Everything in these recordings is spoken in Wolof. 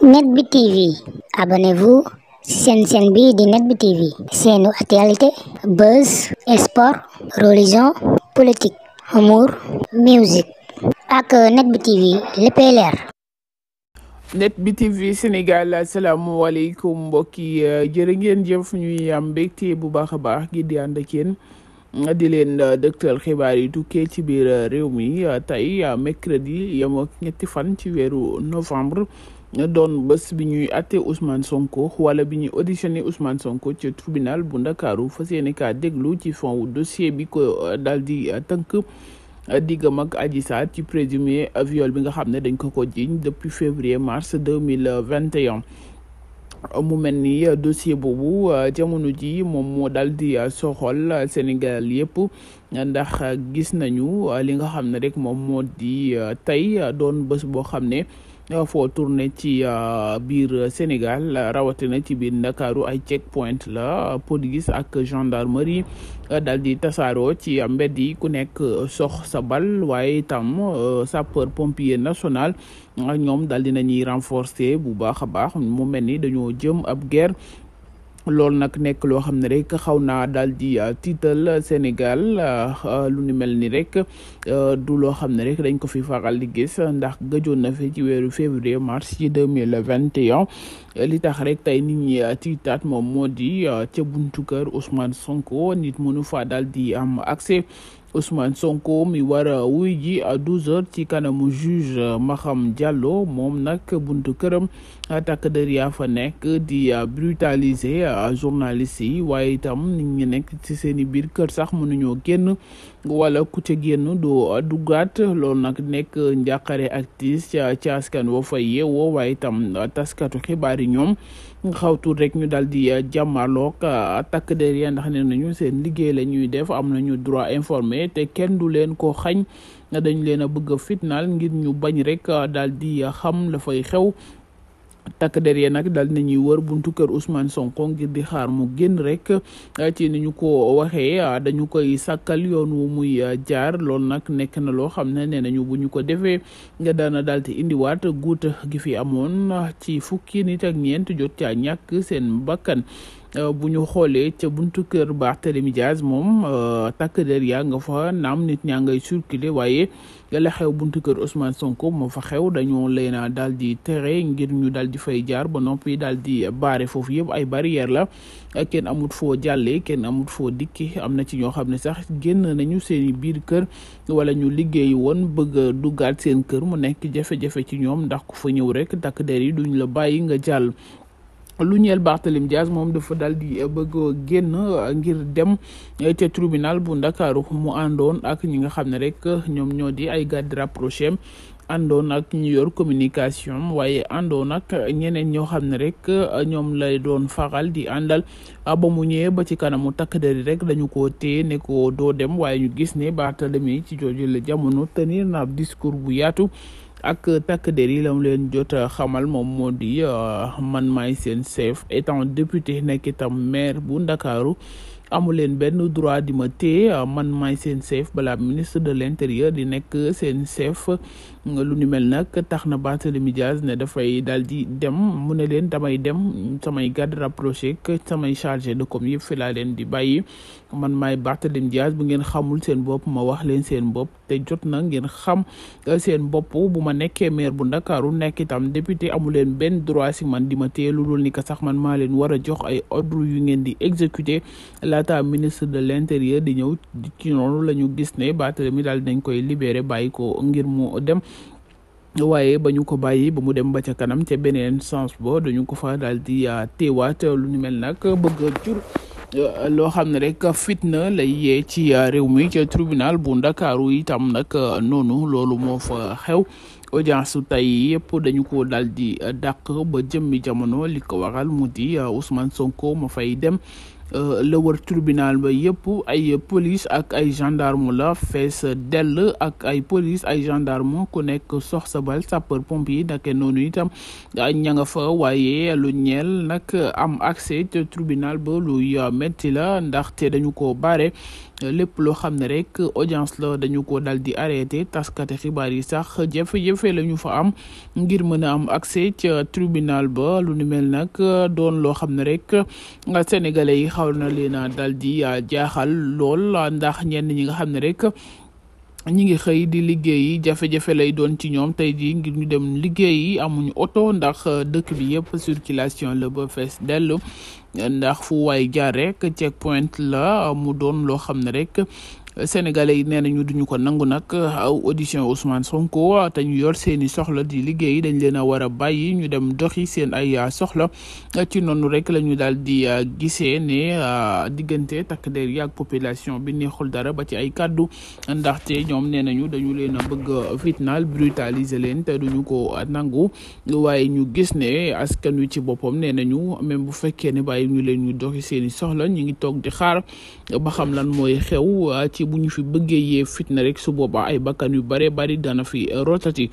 net bi tv abonnez-vous seen seen bi di net bi tv seenu actualité buzz sport religion politique humour musique ak euh, net bi tv léppay leer net bi tv sénégal asalaamualeykum mbokki euh, jërë ngeen jëf ñuy am mbégte bu baax a baax gi di ànd di leen euh, dëktal xibaar yi tukkee ci biir réew mi tey mercredi yemoo ñetti fan ci weeru novembre ña doon bës bi ñuy àtte Ousmane Sonko wala bi ñuy auditionné Ousmane Sonko ci tribunal bu Ndakaaru fas yéene kaa déglu ci fond dossier bi ko euh, daal di euh, tënk euh, diggam ak aji Sarr ci présumé viol bi nga xam ne dañ ko ko jiiñ depuis février mars deux mille vingt et mu mel ni dossier boobu jamono ji moom moo daal di soxol Sénégal yëpp ndax gis nañu li nga xam ne rek moom moo di tey doon bés boo xam ne. foo tourné ci euh, biir Sénégal rawatina ci biir Ndakaaru ay check point la police ak gendarmerie euh, daal di tasaaroo ci mbedd yi ku nekk euh, sox sa bal waaye itam sapeur pompier national ñoom daal di nañuy renforcer bu baax a baax mu mel ni dañoo jëm ab guerre. loolu nag nekk loo xam ne rek xaw naa daal di uh, tiital Sénégal uh, uh, lu ni mel ni rek du loo xam ne rek dañ ko fi faral di ndax gajoon na fi ci weeru février mars ci deux mille vingt et un li tax rek tey nit ñi tiitaat moom moo di ca buntu kër Ousmane Sonko nit mënu fa daal di am accès. Ousmane Sonko mi war a wuy ji à 12h ci kanamu juge euh, Maham Diallo moom nag buntu këram takk der yaa fa nekk di euh, brutaliser euh, journaliste yi waaye itam nit ñi nekk ci seeni biir kër sax mënuñoo génn wala ku ca génn doo duggaat loolu nag nekk njàqare ak ci ca askan wa fa yewo waaye itam taskatu xibaar yi ñoom. xaw tuut rek ñu daal di euh, jàmmaarloog euh, takk der ya ndax ne nañu seen liggéey la ñuy def am nañu droit informé te kenn du leen ko xañ dañu leen a bëgg a fitnaal ngir ñu bañ rek euh, daal di xam la fay xew takk der yi nag dal nañuy wër buntu kër Ousmane Sonko ngir di xaar mu génn rek ah, ci ni ñu ko waxee ah, dañu koy sàkkal yoon wu muy ah, jaar loolu nag nekk na loo xam ne nee nañu bu ñu ko defee nga daana daal di indiwaat guuta gi fi amoon ci fukki nit ak ñeent jot caa ñàkk seen bakkan Euh, bu ñu xoolee ca buntu kër Barthélemy Diaz moom euh, takk der yaa nga fa naam nit ñaa ngay circuler waaye la xew buntu kër Ousmane Sonko moo fa xew dañoo leen a daal di tere ngir ñu daal di fay jaar ba noppi daal di baare foofu yëpp ay barrière la kenn amut foo jàllee kenn amut foo dikki am na ci ñoo xam ne sax génn nañu seeni biir kër wala ñu liggéey woon bëgg a duggaat seen kër mu nekk jafe-jafe ci ñoom ndax ku fa ñëw rek takk der yi duñ la bàyyi nga jàll lu ñeel Barthélémy Dias moom dafa daal di eh, bëgg génn eh, ngir dem eh, ca tribunal bu ndakaaru mu àndoon ak ñi nga xam ne rek ñoom ñoo di ay garde rapproché àndoon ak ñu yor communication waaye àndoon ak ñeneen ñoo xam ne rek ñoom lay doon faral di àndal ah, ba mu ñëwee ba ci kanamu takk deri rek dañu ko téye ne ko doo dem waaye ñu gis ne Barthélémy ci jooju la jamono tenir na ab discours bu yaatu. ak takk der yi la leen jot xamal moom moo di euh, man maay seen chef étant député nekk itam maire bu Ndakaaru amu leen benn droit di ma téye euh, man maay seen seef balaa ministre de l'intérieur di nekk seen chef euh, lu ni mel nag tax na Barthélémy Dias ne dafay daal di dem mu ne leen damay dem samay garde rapproché samay chargé de com yëpp fi laa leen di bàyyi man maay Barthélémy Dias bu ngeen xamul seen bopp ma wax leen seen bopp te jot na ngeen xam eh, seen bopp bu ma nekkee maire bu ndakaaru nekk itam député amu leen benn droit si man di ma téye lu dul ni ko sax man maa leen war a jox ay ordre yu ngeen di exécuter laata ministre de l' di ñëw ci noonu la ñu gis ne mi daal dañ koy libéré bàyyi ko ngir mu dem waaye ba ñu ko bàyyi ba mu dem ba ca kanam ca beneen sens bo dañu ko fa daal di ah, teewaat lu ni mel nag bëgg jur loo xam ne rek fitna lay yee ci ah, réew mi ca tribunal bu ndakaaru itam nag ah, noonu loolu moo fa xew audience su tey yëpp dañu ko daal di ah, dàq ba jëmmi jamono li ko mu di Ousmane Sonko ma fay dem. Euh, la wër tribunal ba yëpp ay police ak ay gendarme la fees dell ak ay police ay gendarme ku nekk sox sa bal sapeur yi naka noonu itam ña nga fa waaye lu ñeel nag am accès te tribunal ba la ndaxte dañu ko bare lépp loo xam ne rek audience la dañu ko dal di arrêté taskati xibaar yi sax jafe la ñu fa am ngir mën a am accès ca tribunal ba lu ni mel nag doon loo xam ne rek sénégalais yi xaw na leen a di ah, jaaxal lool ah, ndax ñenn ñi nga xam ne rek. ñi ngi xëy di liggéeyi jafe-jafe lay doon ci ñoom tey jii ngir ñu dem liggéey amuñu oto ndax ah, dëkk bi yëpp circulation la ba fees dellu ndax fu waay jaar rek check point la mu doon loo xam ne rek sénégalais yi nee nañu duñu ko nangu nag aw audition Ousmane Sonko te ñu yor seen soxla di liggéey dañ leen a war a bàyyi ñu dem doxi seen ay ah, soxla ci noonu rek la ñu daal di ah, gisee ne ah, diggante takk der yi ak population bi neexul dara ba ci ay kàddu ndaxte ñoom nee nañu dañu leen a bëgg fitnaal brutaliser leen duñu ko nangu waaye ñu gis ne askan wi ci boppam nee nañu même bu fekkee ne bàyyi ñu leen ñu doxi seen i soxla ñu ngi toog di xaar ba xam lan mooy xew ci bu ñu fi bëggee yee fitna rek su boobaa ay bakkan yu bare bari dana fi eh, rotati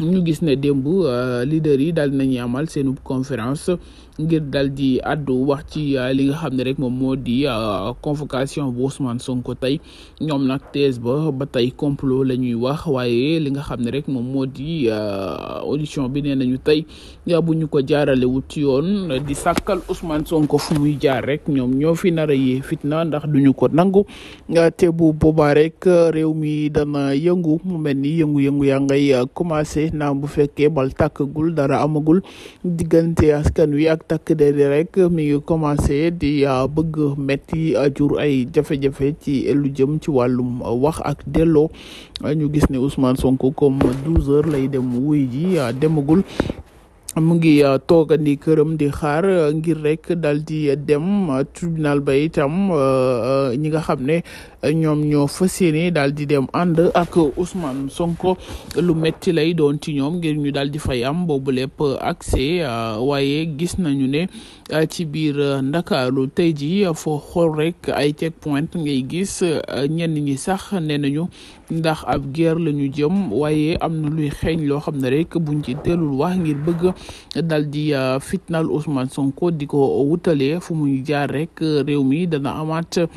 ñu gis ne démb euh, leader yi daal nañu amal seenu conférence ngir daal di àddu wax ci euh, li nga xam ne rek moom moo di euh, convocation bu Ousmane Sonko tey ñoom nag thèse ba ba tey complot la ñuy wax waaye li nga xam ne rek moom moo di audition bi nee nañu tey bu ñu ko jaaralewut ci yoon di sàkkal Ousmane Sonko fu muy jaar rek ñoom ñoo fi nar yi yee fitna ndax duñu ko nangu te bu boobaa rek réew mi dana yëngu mu mel ni yëngu-yëngu yaa ngay commencé. naa bu fekkee bal tàkkagul dara amagul diggante askan wi ak takk der rek mi ngi commencé di bëgg metti ajur ay jafe-jafe ci lu jëm ci wàllum wax ak delloo ñu gis ne Ousmane Sonko comme 12 heures lay dem wuy ji demagul. mu ngi euh, toogandi këram di xaar euh, ngir rek dal di dem euh, tribunal ba itam ñi nga xam ne ñoom ñoo fas yéene daal di dem ànd ak Ousmane Sonko lu metti lay doon ci ñoom ngir ñu daal di fay am boobu lépp accès waaye gis nañu ne ci biir ndakaaru tey ji foo xool rek ay checkpoint ngay gis ñenn ñi sax nee nañu ndax ab guerre la ñu jëm waaye am na luy xeeñ loo xam ne rek buñ ci teelul wax ngir bëgg dal di uh, fitnaal Ousmane Sonko di ko wutalee fu muy jaar rek uh, réew mi dana amaat uh,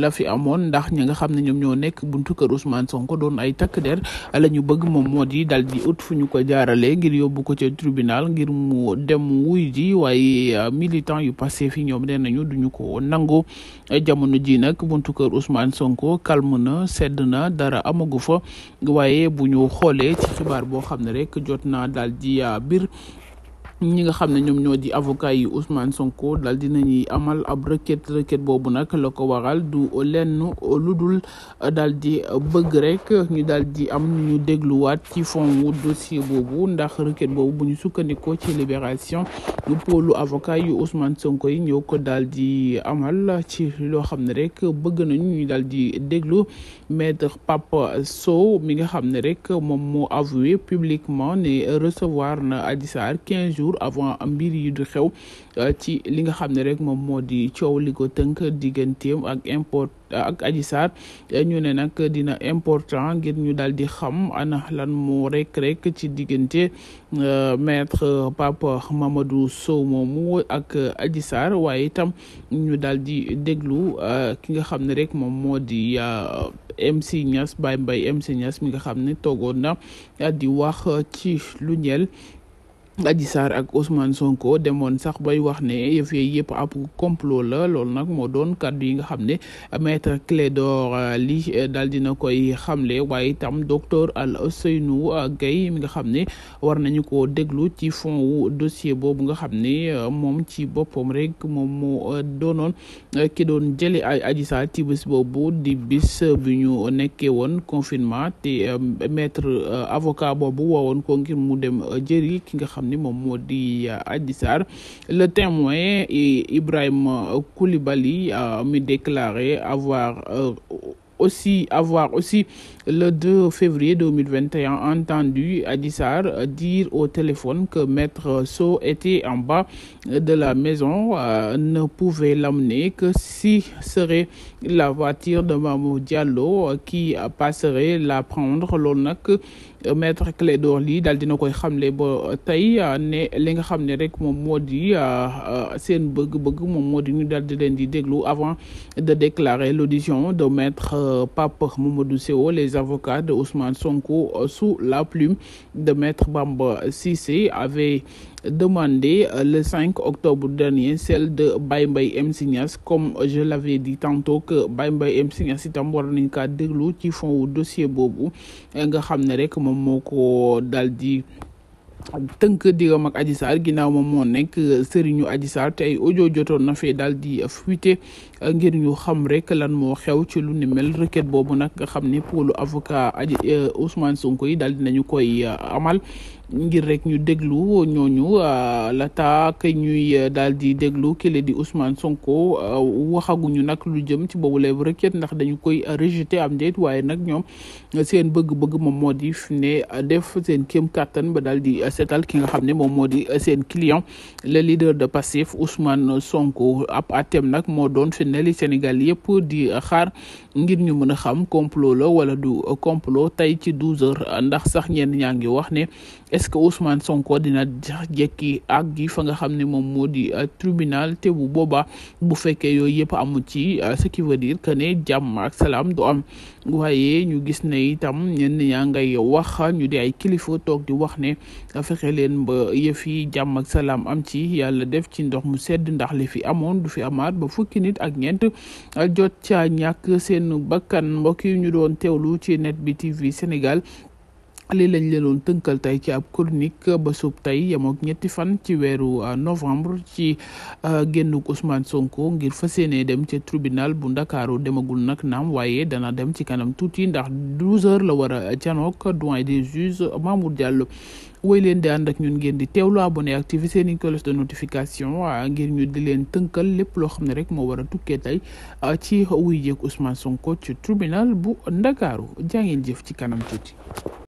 la fi amoon ndax ñi nga xam ne ñoom ñoo nekk buntu kër Ousmane Sonko doon ay takk der la ñu bëgg moom moo di dal di ut fu ñu ko jaaralee ngir yóbbu ko ca tribunal ngir mu dem wuy ji waaye militant yu passé fi ñoom nee nañu duñu ko nangu jamono ji nag buntu kër Ousmane Sonko calme na sedd na dara amagu fa waaye bu ñu xoolee ci xibaar boo xam ne rek jot naa daal di biir ñi nga xam ne ñoom ñoo di avocat yi Ousmane Sonko dal dinañuy amal ab requête requête boobu nag la ko waral du lenn lu dul daal di bëgg rek ñu daal di am ñu dégluwaat ci fond wu dossier boobu ndax requête boobu bu ñu sukkandikoo ci libération du pôlu avocat yu Ousmane Sonko yi ñoo ko daal di amal ci loo xam ne rek bëgg nañu ñu daal di déglu maître Pape Sow mi nga xam ne rek moom mu avoué publiquement ne recevoir na Adji Sarr quinze jours jours avant mbir yi du xew euh, ci li nga xam ne rek moom moo di coow li ko tënk digganteem ak import ak aji Sarr euh, ñu ne nag dina important ngir ñu daal di xam ana lan moo rek rek ci diggante euh, maître Papa Mamadou Sow moomu ak Adji Sarr waaye itam ñu daal di déglu ki nga xam ne rek moom moo di MC Niass Baye Mbaye MC Niass mi nga xam ne toogoon na di wax ci lu ñeel Adji Sarr ak Ousmane Sonko demoon sax bay wax ne yëf yooyu yëpp ab complot la lool nag moo doon kaddu yi nga xam ne maître Clédor euh, li euh, daal dina koy xamle waaye itam docteur Alseynou euh, Guèye mi nga xam ne war nañu ko déglu ci fond wu dossier boobu nga xam ne moom ci boppam rek moom moo doonoon ki doon jëlee Adji Sarr ci bés boobu di bis bi ñu nekkee woon confinement te maître avocat boobu woowoon ko ngir mu dem jëri ki nga xam xam ni moom moo di euh, Adji Sarr le témoin Ibrahima Koulibaly euh, mi déclaré avoir euh, aussi avoir aussi le 2 février 2021 entendu Adji Sarr dire au téléphone que Maître Sow était en bas de la maison euh, ne pouvait l'amener que si serait la voiture de Mamour Diallo qui passerait la prendre loolu nag maître Clédor Ly daal dina koy xam xamle ba tey euh, ne li nga xam ne rek moom moo di euh, euh, seen bëgg-bëgg moom moo di ñu daal di leen déglu avant de déclarer l'audition de maître Pape Mamadou Seo les avocats de Ousmane Sonko sous la plume de maître Bamba Cissé avait demandé euh, le 5 octobre dernier celle de Baye mbay MC Niass comme je l'avais dit tantôt que Baye Mbaye MC Niass itam war nañ kaa déglu ci fond wu dossier boobu euh, nga xam ne rek moom moo ko dal di tënk diggam ak Adji ginaaw ginnaaw moom moo nekk euh, sëriñu Adji Sarr te jotoon na fee daal di fuité ngir ñu xam rek lan moo xew ci lu ni mel requête boobu nag nga xam ne pour lu avocat aji euh, Ousmane Sonko yi daal dinañu koy euh, amal ngir rek ñu déglu ñooñu euh, laata kay ñuy daal di déglu kile di Ousmane Sonko waxaguñu nag lu jëm ci boobu lay requête ndax dañu koy rejeté am déet waaye nag ñoom seen bëgg-bëgg moom moo di def seen kéem kàttan ba daal di seetal ki nga xam ne moom moo di seen client le leader de Pastef doon fi li Sénégal yëpp di xaar ngir ñu mën a xam complot la wala du complot tey ci douze heures ndax sax ñenn ñaa ngi wax ne est-ce que Ousmane Sonko dina jekki ak gi fa nga xam ne moom moo di euh, tribunal te bu booba bu fekkee yooyu yëpp amu ci euh, ce qui veut dire que ne jàmm ak salaam du am waaye ñu gis ne itam ñenn ñaa ngay wax ñu di ay kilifa toog di wax ne fexe leen ba jàmm ak salaam am ci yàlla def ci ndox mu sedd ndax li fi amoon du fi amaat ba fukki ñeent jot ca ñàkk seen bakkan mbokk yi ñu doon teewlu ci net bi TV Sénégal li lañ leloon tënkal tey ci ab chronique ba sub tey yemook ñetti fan ci weeru euh, novembre ci euh, génnuk Ousmane Sonko ngir fas yéene dem ca tribunal bu Ndakaaru demagul nag naam waaye dana dem ci kanam tuuti ndax 12 heures la war a janook doyen des juges Mamour Diallo woy leen di ànd ak ñun ngeen di teewlu abonné activé seeni cloche de notification euh, ngir ñu di leen tënkal lépp loo xam ne rek moo war a tukkee tey ci wuy jéeg Ousmane Sonko ci tribunal bu Ndakaaru jaa jëf ci kanam